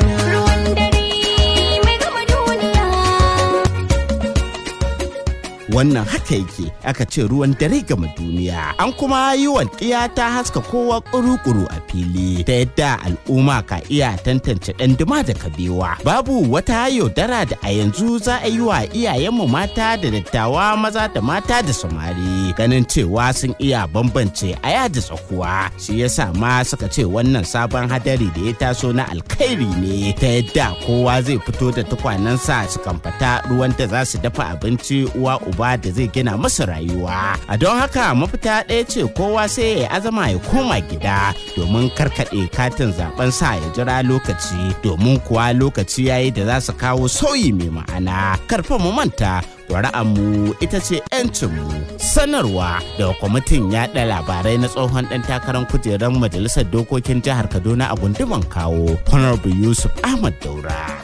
Yeah. wannan haka yake aka ce ruwan dare game duniya an kuma yi walƙiya ta haska kowa kuru-kuru a fili ta yadda al'umma ka iya tantance ɗan duma da kabewa babu wata yaudara da a yanzu za a yi wa iyayenmu mata da dattawa maza da mata da samari ganin cewa sun iya bambance aya da tsakuwa shi yasa ma suka ce wannan sabon hadari da ya taso na alkhairi ne ta yadda kowa zai fito da tukwanensa su kamfata ruwan da za su dafa abinci uwa uba gaba da zai gina masa rayuwa a don haka mafita ɗaya ce kowa sai ya azama ya koma gida domin karkaɗe katin zaben sa ya jira lokaci domin kuwa lokaci yayi da za su kawo sauyi mai ma'ana karfa mu manta mu ita ce mu. sanarwa daga kwamitin yaɗa labarai na tsohon ɗan takarar kujerar majalisar dokokin jihar kaduna a gunduman kawo honorable yusuf ahmad daura